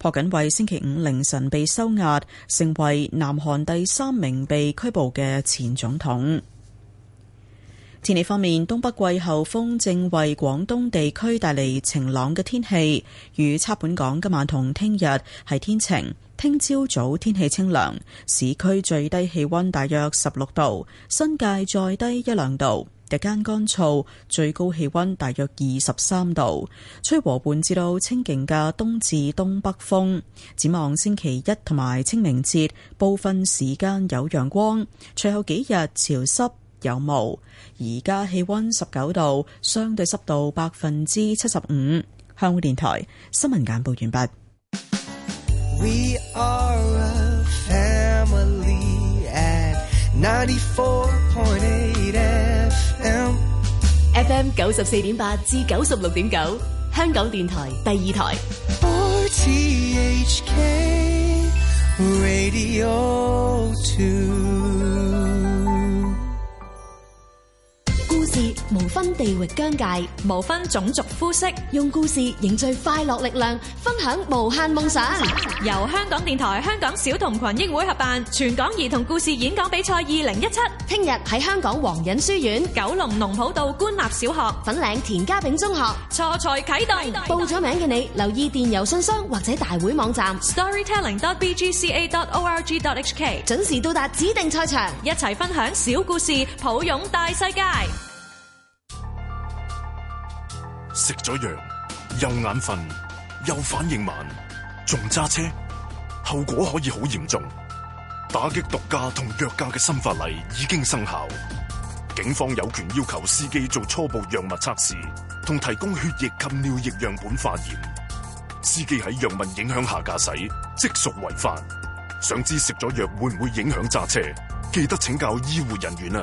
朴槿惠星期五凌晨被收押，成為南韓第三名被拘捕嘅前總統。天氣方面，東北季候風正為廣東地區帶嚟晴朗嘅天氣。預測本港今晚同聽日係天晴，聽朝早，早天氣清涼，市區最低氣溫大約十六度，新界再低一兩度。日間乾燥，最高氣溫大約二十三度，吹和緩至到清勁嘅東至東北風。展望星期一同埋清明節，部分時間有陽光。隨後幾日潮濕有霧。而家氣溫十九度，相對濕度百分之七十五。香港電台新聞簡報完畢。FM 九十四點八至九十六點九，9，香港電台第二台。RTHK Radio 2無分地域疆界，無分種族膚色，用故事凝聚快樂力量，分享無限夢想。由香港電台、香港小童群益會合辦全港兒童故事演講比賽二零一七，聽日喺香港黃隱書院、九龍農圃道官立小學、粉嶺田家炳中學初賽啟動。報咗名嘅你，留意電郵信箱或者大會網站 storytelling.bgca.org.hk，準時到達指定賽場，一齊分享小故事，抱擁大世界。食咗藥又眼瞓又反應慢，仲揸車，後果可以好嚴重。打擊毒駕同藥駕嘅新法例已經生效，警方有權要求司機做初步藥物測試，同提供血液及尿液樣本化驗。司機喺藥物影響下駕駛，即屬違法。想知食咗藥會唔會影響揸車？記得請教醫護人員啊！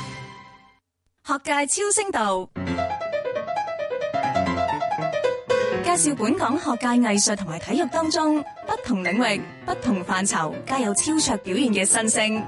學界超聲道介紹本港學界藝術同埋體育，當中不同領域、不同範疇皆有超卓表現嘅新星。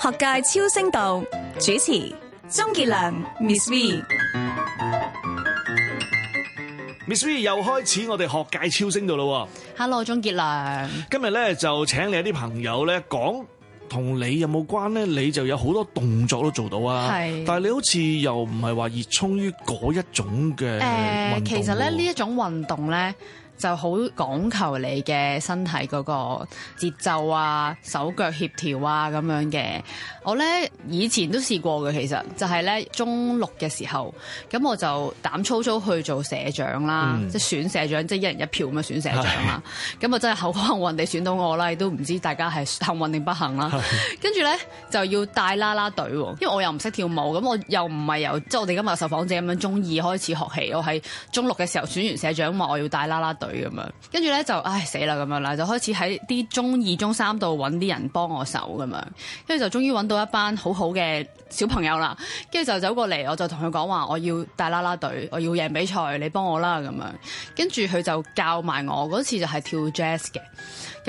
學界超聲道主持鍾傑良，Miss V，Miss V，又開始我哋學界超聲道啦。Hello，鍾傑良，今日咧，就請你一啲朋友咧講。同你有冇關咧？你就有好多動作都做到啊！是但係你好似又唔係話熱衷於嗰一種嘅運動誒、呃，其實咧呢一種運動咧，就好講求你嘅身體嗰個節奏啊、手腳協調啊咁樣嘅。我咧以前都試過嘅，其實就係咧中六嘅時候，咁我就膽粗粗去做社長啦，嗯、即係選社長，即係一人一票咁樣選社長啊嘛。咁啊的真係好幸運地選到我啦，亦都唔知大家係幸運定不幸啦。跟住咧就要帶啦啦隊、啊，因為我又唔識跳舞，咁我又唔係由即係、就係、我哋今日受訪者咁樣中二開始學起，我喺中六嘅時候選完社長，話我要帶啦啦隊。隊咁樣，跟住咧就唉死啦咁樣啦，就開始喺啲中二、中三度揾啲人幫我手咁樣，跟住就終於揾到一班好好嘅小朋友啦，跟住就走過嚟，我就同佢講話，我要帶拉拉隊，我要贏比賽，你幫我啦咁樣，跟住佢就教埋我，嗰次就係跳 jazz 嘅，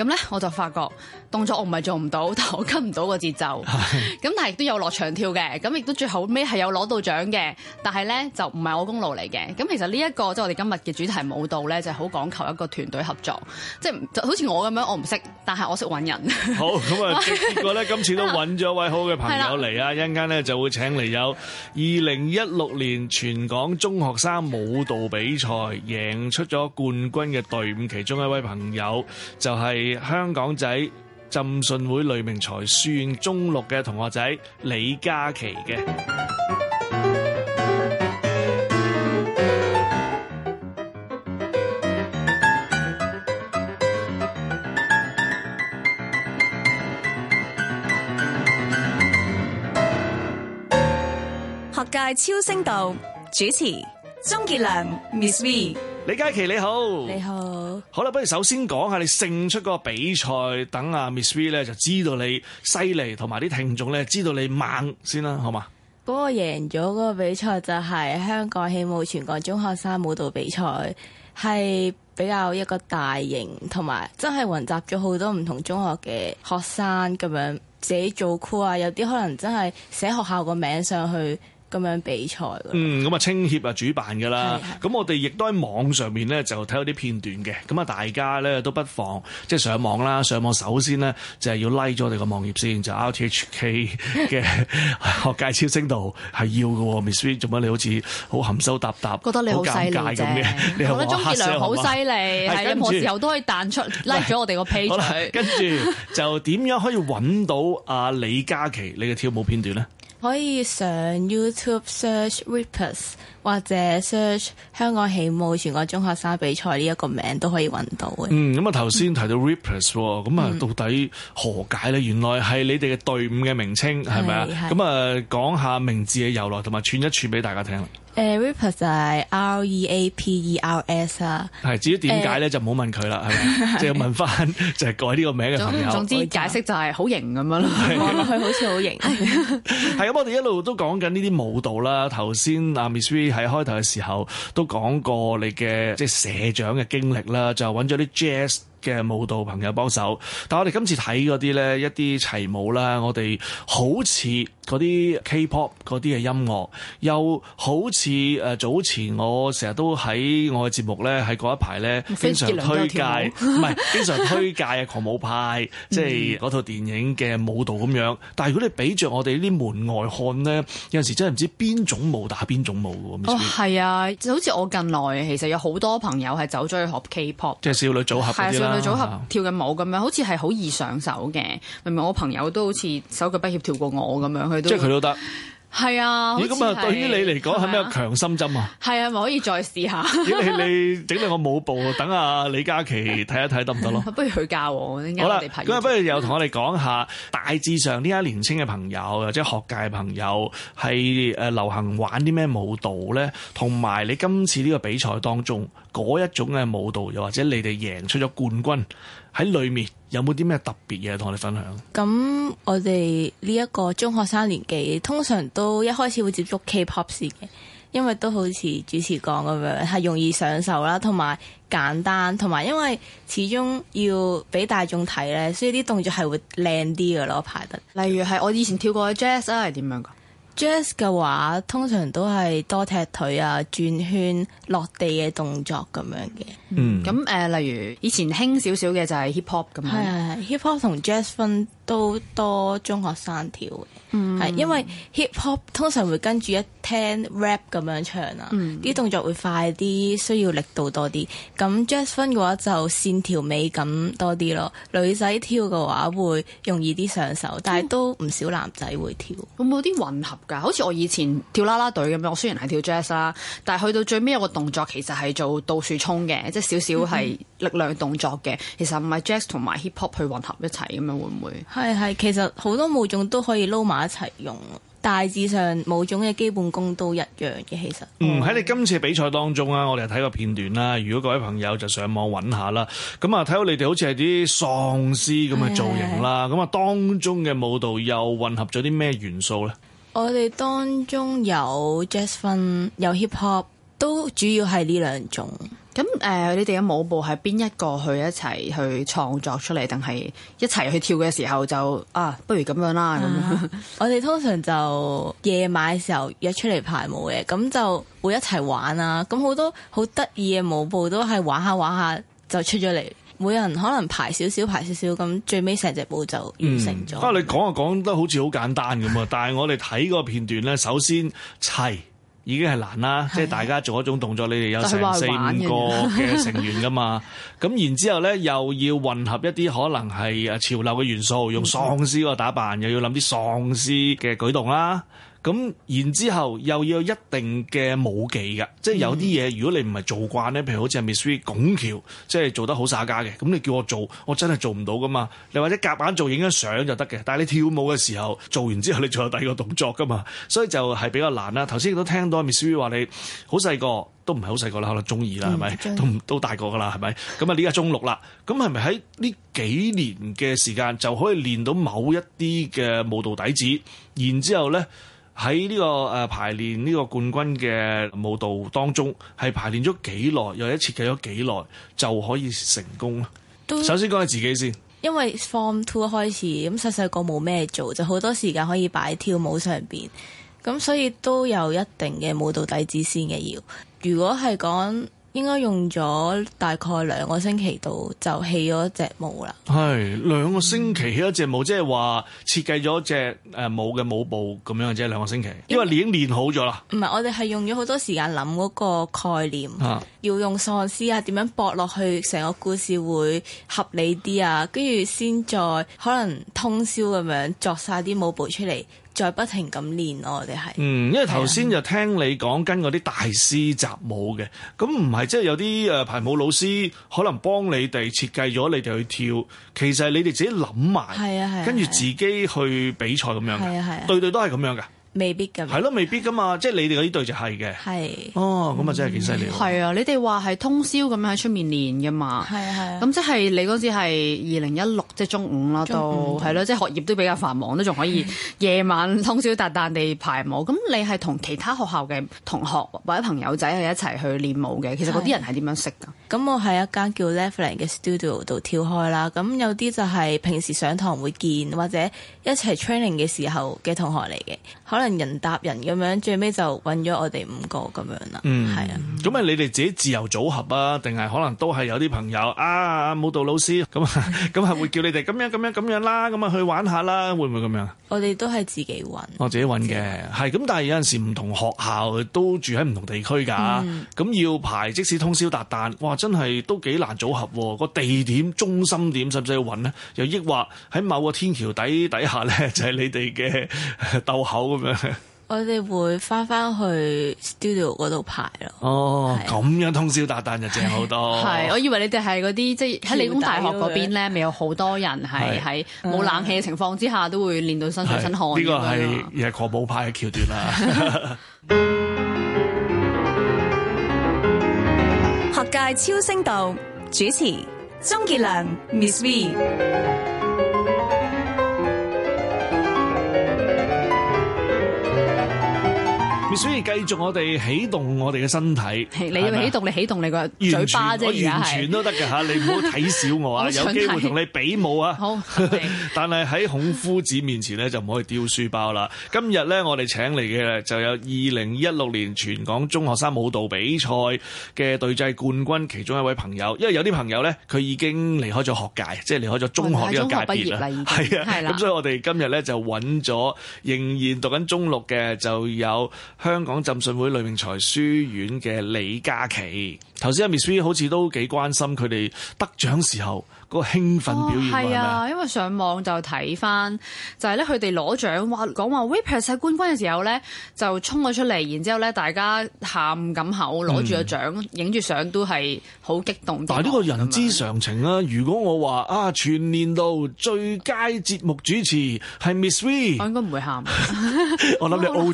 咁咧我就發覺。動作我唔係做唔到，但係我跟唔到個節奏。咁但係亦都有落場跳嘅，咁亦都最後尾係有攞到獎嘅。但係咧就唔係我功勞嚟嘅。咁其實呢一個即係我哋今日嘅主題舞蹈咧，就係好講求一個團隊合作。即係就好似我咁樣，我唔識，但係我識揾人。好，咁啊，結果咧今次都揾咗位好嘅朋友嚟啊！一陣間咧就會請嚟有二零一六年全港中學生舞蹈比賽贏出咗冠軍嘅隊伍，其中一位朋友就係香港仔.浸信會呂明才書院中六嘅同學仔李家期嘅，學界超聲道主持鍾杰 良 Ms V。 李家期你好，你好，你好啦，不如首先講下你勝出個比賽，等阿 Miss V 咧，就知道你犀利，同埋啲聽眾咧，知道你猛先啦，好嘛？嗰個贏咗嗰個比賽就係、是、香港器舞全港中學生舞蹈比賽，係比較一個大型，同埋真係雲集咗好多唔同中學嘅學生，咁樣自己組 group 啊，有啲可能真係寫學校個名上去。咁樣比賽，嗯，咁啊青協啊主辦噶啦，咁我哋亦都喺網上面咧就睇到啲片段嘅，咁啊大家咧都不妨，即係上網啦。上網首先咧就係要 like 咗我哋個網頁先，就 RTHK 嘅學界超聲道係要嘅。Ms V 做乜你好似好含羞答答，覺得你好犀利咁嘅。我覺得鍾傑良好犀利，係咧，任何時候都可以彈出 like 咗我哋個 page。跟住就點樣可以揾到阿李家期你嘅跳舞片段咧？可以上 YouTube search Rippers 或者 search 香港起舞全國中學生比賽呢一個名都可以揾到。嗯，咁啊頭先提到 Rippers，咁啊 到底何解咧？原來係你哋嘅隊伍嘅名稱係咪啊？咁啊 吧講下名字嘅由來，同埋串一串俾大家聽。誒、uh,，Reaper 就係 R E A P E R S 啦，係至於點解咧就唔好問佢啦，係咪？即係 問翻就係改呢個名嘅朋友。 總之解釋就係、嗯、 好型咁樣咯，佢好似好型。係咁，我哋一路都講緊呢啲舞蹈啦。頭先阿 Miss V 喺開頭嘅時候都講過你嘅即係社長嘅經歷啦，就揾咗啲 jazz。嘅舞蹈朋友幫手，但係我哋今次睇啲咧，一啲齊舞啦，我哋好似啲 K-pop 啲嘅音樂又好似誒早前我成日都喺我嘅節目咧，喺一排咧，非常推介，唔係經常推介啊，狂舞派， 即係套電影嘅舞蹈咁樣，但係如果你比着我哋呢門外漢咧，有陣時真係唔知邊種舞打邊種舞㗎喎。哦，係啊，就好似我近來其實有好多朋友係走咗去學 K-pop，即係少女組合啲啦。女組合跳緊舞咁樣，好似係好易上手嘅。明明我朋友都好似手腳不協調過我咁 樣，佢都即係佢都得。係啊，咦、嗯？咁啊，對於你嚟講係咪強心針啊？係啊，咪可以再試下、嗯。點 你整兩個舞步等下李家期睇一睇得唔得咯？ 不如佢教我好吧我咁啊，不如又同我哋講下大致上呢一年輕嘅朋友或者學界嘅朋友係誒流行玩啲咩舞蹈咧？同埋你今次呢個比賽當中嗰一種嘅舞蹈，又或者你哋贏出咗冠軍。喺裏面有冇啲咩特別嘢同我哋分享？咁我哋呢一個中學生年紀通常都一開始會接觸 K-pop 先嘅，因為都好似主持講咁樣，係容易上手啦，同埋簡單，同埋因為始終要俾大眾睇咧，所以啲動作係會靚啲噶咯，排得。例如係我以前跳過嘅 jazz 啊，係點樣噶？Jazz 嘅話，通常都係多踢腿啊、轉圈、落地嘅動作咁樣嘅。嗯，咁、呃、誒，例如以前興少少嘅就係 hip hop 咁樣。hip hop 同 jazz 分。都多中學生跳，係、嗯、因為 hip hop 通常會跟住一聽 rap 咁樣唱啊，啲、嗯、動作會快啲，需要力度多啲。咁 jazz funk 嘅話就線條美感多啲咯。女仔跳嘅話會容易啲上手，但係都唔少男仔會跳。嗯、會冇啲混合㗎？好似我以前跳啦啦隊咁樣，我雖然係跳 jazz 啦，但係去到最尾有個動作其實係做倒豎蔥嘅，即係少少係力量動作嘅。嗯、其實唔係 jazz 同埋 hip hop 去混合一齊咁樣，會唔會？係係，其實好多舞種都可以撈埋一齊用，大致上舞種嘅基本功都一樣嘅。其實，嗯，喺你今次比賽當中啊，我哋睇個片段啦。如果各位朋友就上網揾下啦，咁啊睇到你哋好似係啲喪屍咁嘅造型啦，咁啊的當中嘅舞蹈又混合咗啲咩元素咧？我哋當中有 jazz funk，有 hip hop，都主要係呢兩種。咁誒、呃，你哋嘅舞步係邊一個去一齊去創作出嚟，定係一齊去跳嘅時候就啊，不如咁樣啦咁。啊、 我哋通常就夜晚嘅時候約出嚟排舞嘅，咁就會一齊玩啊。咁好多好得意嘅舞步都係玩下玩下就出咗嚟，每人可能排少少，排少少，咁最尾成隻舞就完成咗。不過啊、嗯，你講就講得好似好簡單咁啊， 但係我哋睇個片段咧，首先齊。已經係難啦，的即係大家做一種動作，你哋有成四五個嘅成員㗎嘛，咁 然之後呢，又要混合一啲可能係啊潮流嘅元素，用喪屍個打扮，又要諗啲喪屍嘅舉動啦。咁然之後又要有一定嘅舞技嘅，嗯、即係有啲嘢如果你唔係做慣咧，譬如好似係 Ms V 拱橋，即係做得好耍家嘅，咁你叫我做，我真係做唔到噶嘛。你或者夾硬做影張相就得嘅，但係你跳舞嘅時候做完之後，你仲有第二個動作噶嘛，所以就係比較難啦。頭先亦都聽到 Ms V 話你好細個，都唔係好細個啦，可能中二啦，係咪、嗯吧？都都大個噶啦，係咪？咁啊呢家中六啦，咁係咪喺呢幾年嘅時間就可以練到某一啲嘅舞蹈底子？然之後咧？喺呢、這個誒、呃、排練呢個冠軍嘅舞蹈當中，係排練咗幾耐，又或者設計咗幾耐就可以成功？都首先講下自己先，因為 form two 開始咁細細個冇咩做，就好多時間可以擺跳舞上邊，咁所以都有一定嘅舞蹈底子先嘅要。如果係講應該用咗大概兩個星期度就起咗隻舞啦。係兩個星期起咗隻舞，即係話設計咗隻誒舞嘅舞步咁樣，即係兩個星期。因為你已經練好咗啦。唔係，我哋係用咗好多時間諗嗰個概念，啊、要用喪屍、啊、下點樣搏落去，成個故事會合理啲啊，跟住先再可能通宵咁樣作晒啲舞步出嚟。再不停咁練咯，我哋係嗯，因為頭先就聽你講跟啲大師習舞嘅，咁唔係即係有啲誒排舞老師可能幫你哋設計咗你哋去跳，其實你哋自己諗埋，係啊，係啊，啊跟住自己去比賽咁樣嘅，係啊，係啊，啊啊對，對對都係咁樣嘅。未必㗎，係咯，未必㗎嘛，即係你哋嗰啲隊就係嘅。係的，哦，咁啊真係幾犀利。係啊，你哋話係通宵咁樣喺出面練㗎嘛？係啊係啊，咁即係你嗰時係二零一六即係中午啦，都係咯，即係學業都比較繁忙，都仲可以夜晚通宵達旦地排舞。咁 你係同其他學校嘅同學或者朋友仔係一齊去練舞嘅，其實嗰啲人係點樣識㗎？咁的我喺一間叫 Leveling 嘅 studio 度跳開啦。咁有啲就係平時上堂會見，或者一齊 training 嘅時候嘅同學嚟嘅，可能。人搭人咁樣，最尾就揾咗我哋五個咁樣啦。嗯，係啊。咁啊，你哋自己自由組合啊，定係可能都係有啲朋友啊，舞蹈老師咁咁係會叫你哋咁樣咁樣咁樣啦，咁啊去玩下啦，會唔會咁樣？我哋都係自己揾，我自己揾嘅。係咁，但係有陣時唔同學校都住喺唔同地區噶，咁、嗯、要排，即使通宵達旦，哇，真係都幾難組合。個地點、中心點，甚至要揾呢，又抑或喺某個天橋底底下咧，就係你哋嘅斗口咁樣。 我哋會翻翻去 studio 嗰度排咯。哦，咁是樣通宵達旦是，就正好多。係是，是我以為你哋係嗰啲，即係喺理工大學嗰邊咧，咪有好多人係喺冇冷氣嘅情況之下，都會練到身上身汗。呢是個係亦係國寶派嘅橋段啦。 學界超聲道主持鍾傑良，Miss V。所以繼續我哋起動我哋嘅身體，你要起動，你起動你個嘴巴啫，而家係完全都得㗎吓，你唔好睇小我啊，有機會同你比武啊！好，但係喺孔夫子面前咧就唔可以丟書包啦。今日咧我哋請嚟嘅就有二零一六年全港中學生舞蹈比賽嘅隊際冠軍其中一位朋友，因為有啲朋友咧佢已經離開咗學界，即係離開咗中學呢個界別啦，係啊，咁所以我哋今日咧就揾咗仍然讀緊中六嘅就有。香港浸信會呂明才書院嘅李家期，頭先阿 Miss V 好似都幾關心佢哋得獎時候嗰個興奮表現、哦、啊！嗎因為上網就睇翻，就係咧佢哋攞獎話講話，rapers 係冠軍嘅時候咧，就衝咗出嚟，然之後咧大家喊咁口，攞住個獎，影住相都係好激動，嗯。但係呢個人之常情啊。是是如果我話啊，全年度最佳節目主持係 Miss V 我應該唔會喊。 我諗你 O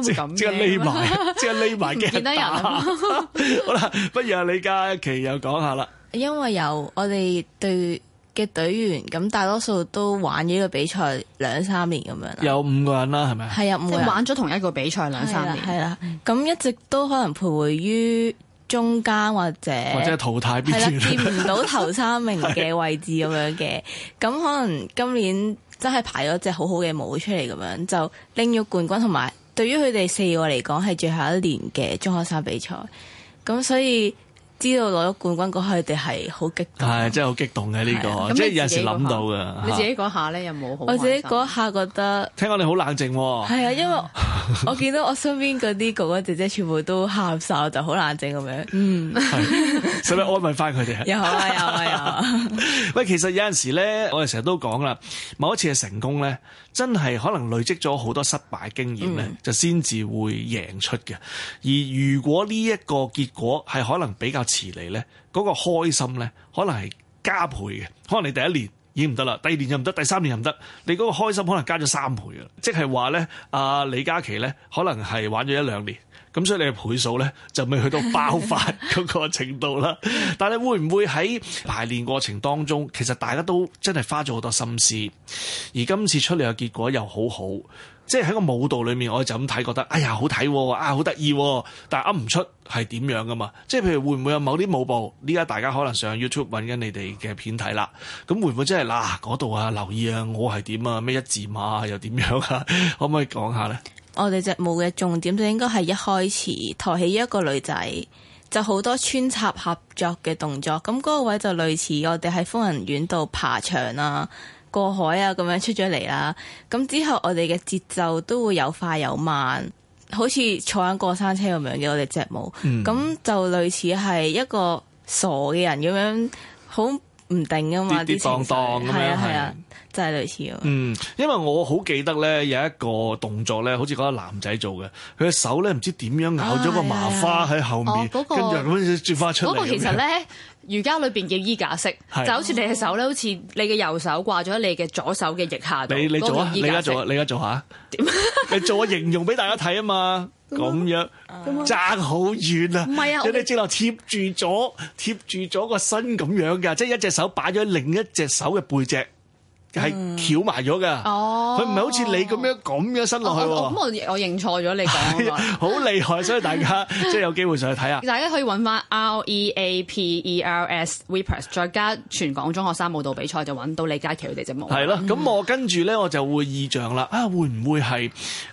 嘴。咁即係匿埋，即係匿埋嘅。唔見得人。 好啦，不如阿李家期又講下啦。因為由我哋隊嘅隊員，咁大多數都玩咗呢個比賽兩三年咁樣啦。有五個人啦，係咪？係啊，唔會玩咗同一個比賽兩三年，係啦。咁一直都可能徘徊於中間或者或者淘汰邊？係啦，見唔到頭三名嘅位置咁樣嘅。咁 對可能今年真係排咗隻好好嘅舞出嚟，咁樣就拎咗冠軍同埋。對於佢哋四個嚟講，係最後一年嘅中學生比賽，咁所以知道攞咗冠軍，嗰刻，佢哋係好激動，係、哎、真係好激動嘅呢、這個，啊、即係有時諗到噶。你自己嗰下咧有冇，好？我自己嗰下覺得。聽講你好冷靜、啊、係啊，因為我見到我身邊嗰啲哥哥姐姐全部都喊晒，就好冷靜咁樣。嗯，使咪 安慰翻佢哋？有啊，有啊，有啊。喂， 其實有陣時咧，我哋成日都講啦，某一次嘅成功咧。真係可能累積咗好多失敗經驗呢、嗯、就先至會贏出嘅。而如果呢一個結果係可能比較遲嚟呢，嗰個開心呢，可能係加倍嘅。可能你第一年，已經唔得啦，第二年又唔得，第三年又唔得。你嗰個開心可能加咗三倍啊！即係話呢，阿李家期呢可能係玩咗一兩年，咁所以你嘅倍數呢就未去到爆發嗰個程度啦。 但係會唔會喺排練過程當中，其實大家都真係花咗好多心思，而今次出嚟嘅結果又好好。即係喺個舞蹈裏面，我就咁睇覺得，哎呀好睇、啊，啊好得意、啊，但係噏唔出係點樣噶嘛？即係譬如會唔會有某啲舞步？而家大家可能上 YouTube 揾緊你哋嘅片睇啦。咁會唔會真係嗱嗰度啊？留意啊，我係點啊？咩一字馬、啊、又點樣啊？可唔可以講下呢？我哋隻舞嘅重點就應該係一開始抬起一個女仔，就好多穿插合作嘅動作。咁、那、嗰個位就類似我哋喺瘋人院度爬牆啊。過海啊，咁樣出咗嚟啦。咁之後我哋嘅節奏都會有快有慢，好似坐緊過山車咁樣嘅我哋隻舞。咁、嗯、就類似係一個傻嘅人咁樣，好唔定噶嘛，跌跌蕩蕩咁樣係啊，就係類似。嗯，因為我好記得咧，有一個動作咧，好似嗰個男仔做嘅，佢嘅手咧唔知點樣咬咗個麻花喺後面，跟住咁轉翻出嚟。嗰個其實咧。 瑜伽裏邊叫衣架式，是就、oh. 好似你隻手咧，好似你嘅右手掛咗你嘅左手嘅腋下度。你你做啊，你而家做啊，你而家做下。點？你做個形容俾大家睇啊嘛。咁樣，爭好遠啊！唔係啊，你正話貼住咗，貼住咗個身咁樣噶，即係一隻手擺咗另一隻手嘅背脊。係翹埋咗嘅，佢唔係好似你咁樣咁樣伸落去喎。咁我我認錯咗你講，好厲害，所以大家即係有機會上去睇下。大家可以揾翻 R E A P E R S Weppers，再加全港中學生舞蹈比賽就揾到李家期佢哋隻舞。係咯，咁我跟住咧，我就會意象啦。啊，會唔會係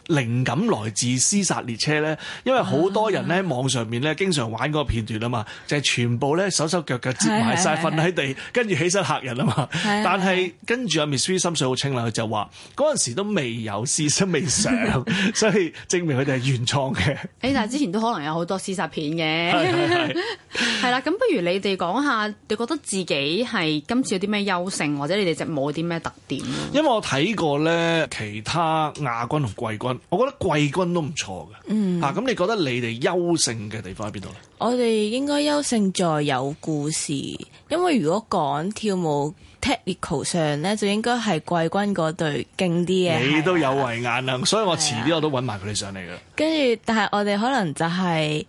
靈感來自《屍殺列車》咧？因為好多人咧喺網上面咧經常玩嗰個片段啊嘛，就係全部咧手手腳腳接埋晒瞓喺地，跟住起身嚇人啊嘛。但係跟住啊。Miss V 心水好清啦，佢就話嗰陣時都未有事想未想， 所以證明佢哋係原創嘅。誒，但係之前都可能有好多抄襲片嘅， 係啦。咁 不如你哋講下，你覺得自己係今次有啲咩優勝，或者你哋隻舞有啲咩特點？因為我睇過咧，其他亞軍同季軍，我覺得季軍都唔錯嘅。嗯、啊，吓咁，你覺得你哋優勝嘅地方喺邊度咧？我哋應該優勝在有故事，因為如果講跳舞。technical 上咧就應該係季軍嗰隊勁啲嘅，你都有慧眼啦，吧所以我遲啲我都揾埋佢哋上嚟嘅、啊。跟住，但係我哋可能就係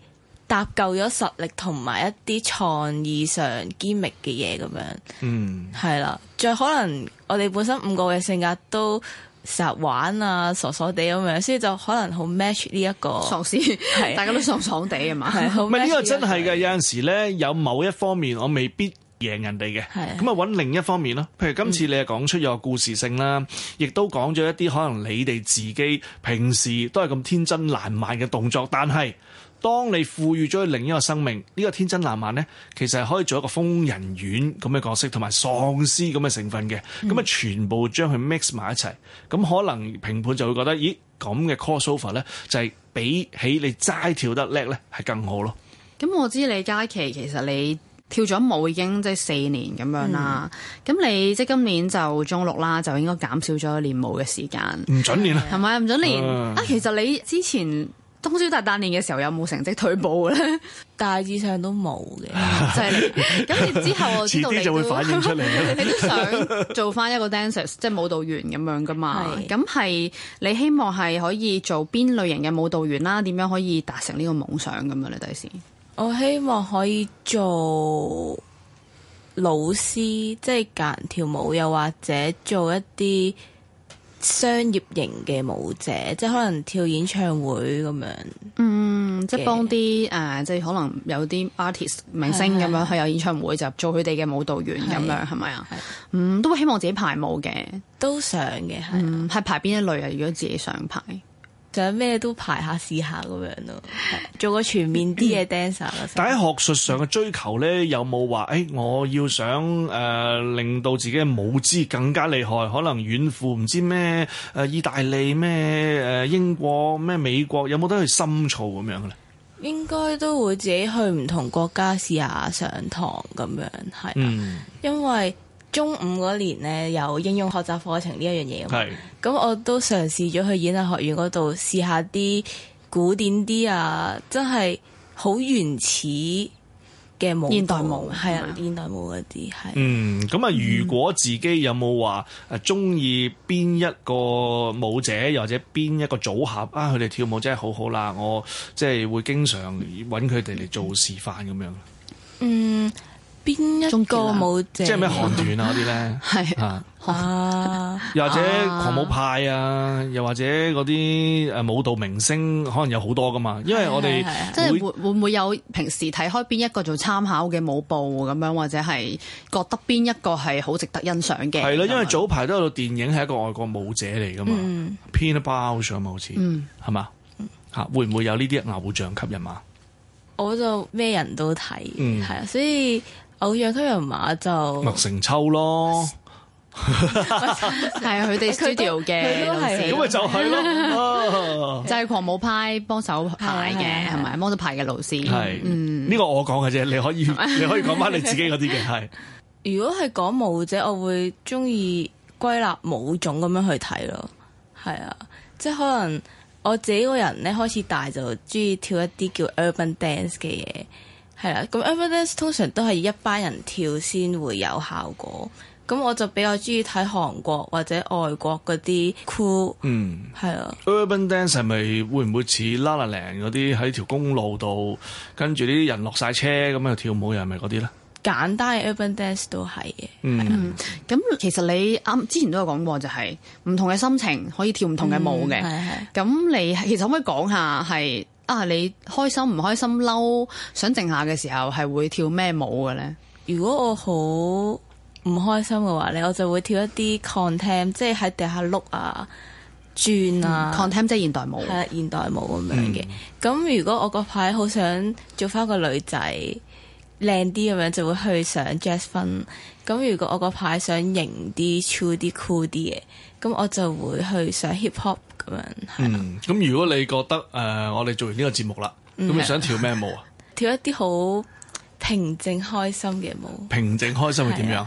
搭夠咗實力同埋一啲創意上 gimmick 嘅嘢咁樣，嗯，係啦，最可能我哋本身五個嘅性格都成日玩啊傻傻地咁樣，所以就可能好 match 呢、這、一個喪屍，係司是大家都喪喪地啊嘛，係咪呢個真係嘅？對有陣時咧有某一方面我未必。贏人哋嘅，咁啊揾另一方面咯。譬如今次你又講出有個故事性啦，嗯、亦都講咗一啲可能你哋自己平時都係咁天真爛漫嘅動作，但係當你賦予咗另一個生命呢、這個天真爛漫咧，其實係可以做一個瘋人院咁嘅角色，同埋喪屍咁嘅成分嘅，咁啊、嗯、全部將佢 mix 埋一齊，咁可能評判就會覺得，咦咁嘅 cross over 咧就係、是、比起你齋跳得叻咧係更好咯。咁、嗯、我知你家期其實你。跳咗舞已經即係四年咁樣啦，咁、嗯、你即係今年就中六啦，就應該減少咗練舞嘅時間。唔准練啦。係咪唔准練？嗯、啊，其實你之前通宵達旦練嘅時候有冇成績退步咧？大致上都冇嘅，就係咁。你之後遲啲就會反映出嚟。 你都想做翻一個 dancers 即係舞蹈員咁 樣噶嘛？咁係是你希望係可以做邊類型嘅舞蹈員啦？點樣可以達成呢個夢想咁啊？你第時？我希望可以做老師，即係教跳舞，又或者做一啲商業型嘅舞者，即係可能跳演唱會咁樣。嗯，即係幫啲誒，即係可能有啲 artist 明星咁樣的去有演唱會，就做佢哋嘅舞蹈員咁樣，係咪啊？的嗯，都希望自己排舞嘅，都想嘅，嗯，係排邊一類啊。如果自己想排。就咩都排下試下咁樣咯，做個全面啲嘅 dancer。但喺學術上嘅追求咧，有冇話誒，我要想誒、呃、令到自己嘅舞姿更加厲害，可能遠赴唔知咩誒、呃、意大利咩誒、呃、英國咩美國，有冇得去深造咁樣咧？應該都會自己去唔同國家試下上堂咁樣，係啦，嗯、因為。中五嗰年呢，有應用學習課程呢一樣嘢啊，咁我都嘗試咗去演藝學院嗰度試下啲古典啲啊，真係好原始嘅舞，現代舞係啊，嗎現代舞嗰啲係。嗯，咁啊，如果自己有冇話誒中意邊一個舞者，又或者邊一個組合啊？佢哋跳舞真係好好啦，我即係會經常揾佢哋嚟做示範咁、嗯、樣。嗯。邊一個舞者？即係咩韓團啊嗰啲咧？係啊，又或者狂舞派啊，又或者嗰啲誒舞蹈明星，可能有好多噶嘛。因為我哋即係會唔會有平時睇開邊一個做參考嘅舞步咁樣，或者係覺得邊一個係好值得欣賞嘅？係啦，因為早排都有個電影係一個外國舞者嚟噶嘛，Pina Bausch 嘛，好似係嘛？吓會唔會有呢啲偶像吸引啊？我就咩人都睇，係啊，所以。偶約推人馬就麥成秋咯係 啊，佢哋 studio 嘅，咁咪就係咯，就係狂舞派幫手排嘅，係咪幫手排嘅老師？係是，呢、嗯、個我講嘅啫，你可以你可以講翻你自己嗰啲嘅。係 如果係講舞者，我會中意歸納舞種咁樣去睇咯係 啊，即係可能我自己個人咧，開始大就中意跳一啲叫 urban dance 嘅嘢。係啦，咁 urban dance 通常都係一班人跳先會有效果，咁我就比較中意睇韓國或者外國嗰啲 cool，嗯，係啊的 urban dance 係咪會唔會似 La La Land 嗰啲喺條公路度跟住啲人落晒車咁喺度跳舞又是是，又係咪嗰啲咧？簡單嘅 urban dance 都係嘅，嗯，咁其實你啱之前都有講過，就係唔同嘅心情可以跳唔同嘅舞嘅，係係、嗯，咁你其實可唔可以講下係？啊！你開心唔開心嬲？想靜下嘅時候係會跳咩舞嘅咧？如果我好唔開心嘅話咧，我就會跳一啲 contem，即係喺地下碌啊、轉啊。嗯、contem 即係現代舞。係現代舞咁樣嘅。咁、嗯、如果我嗰排好想做返個女仔靚啲咁樣，就會去上 jazz funk。咁、嗯、如果我嗰排想型啲、潮啲、 酷啲嘅。咁我就會去上 hip hop 咁樣，嗯，咁如果你覺得誒、呃、我哋做完呢個節目啦，咁你是想跳咩舞啊？ 跳一啲好平靜開心嘅舞。平靜開心會點樣？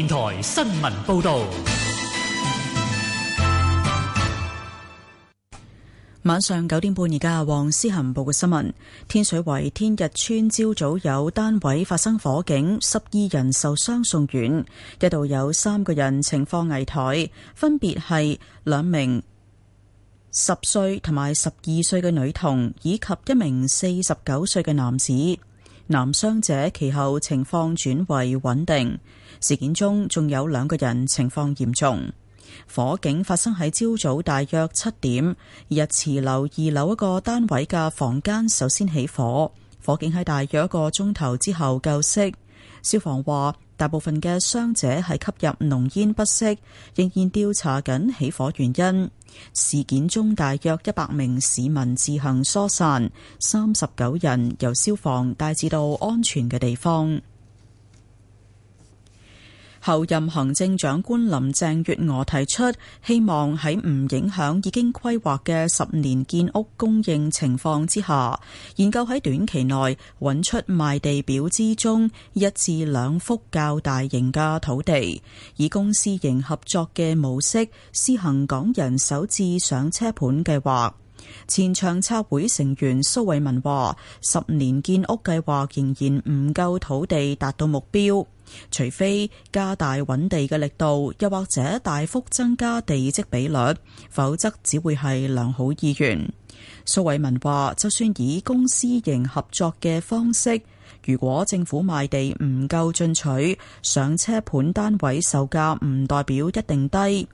電台新聞報道，晚上九點半，而家黃思恒報嘅新聞：天水圍天日村朝早有單位發生火警，十二人受傷送院，一度有三個人情況危殆，分別係兩名十歲同埋十二歲嘅女童，以及一名四十九歲嘅男子。男傷者其後情況轉為穩定。事件中仲有兩個人情況嚴重，火警發生喺朝早大約七點，日慈樓二樓一個單位嘅房間首先起火，火警喺大約一個鐘頭之後救熄。消防話，大部分嘅傷者係吸入濃煙不適，仍然調查緊起火原因。事件中大約一百名市民自行疏散，三十九人由消防帶至到安全嘅地方。候任行政長官林鄭月娥提出，希望喺唔影響已經規劃嘅十年建屋供應情況之下，研究喺短期內揾出賣地表之中一至兩幅較大型嘅土地，以公私營合作嘅模式施行港人首置上車盤計劃。前長策會成員蘇偉文話，十年建屋計劃仍然唔夠土地達到目標。除非加大揾地嘅力度，又或者大幅增加地積比率，否則只會係良好意願。蘇偉文話：就算以公私營合作嘅方式，如果政府賣地唔夠進取，上車盤單位售價唔代表一定低。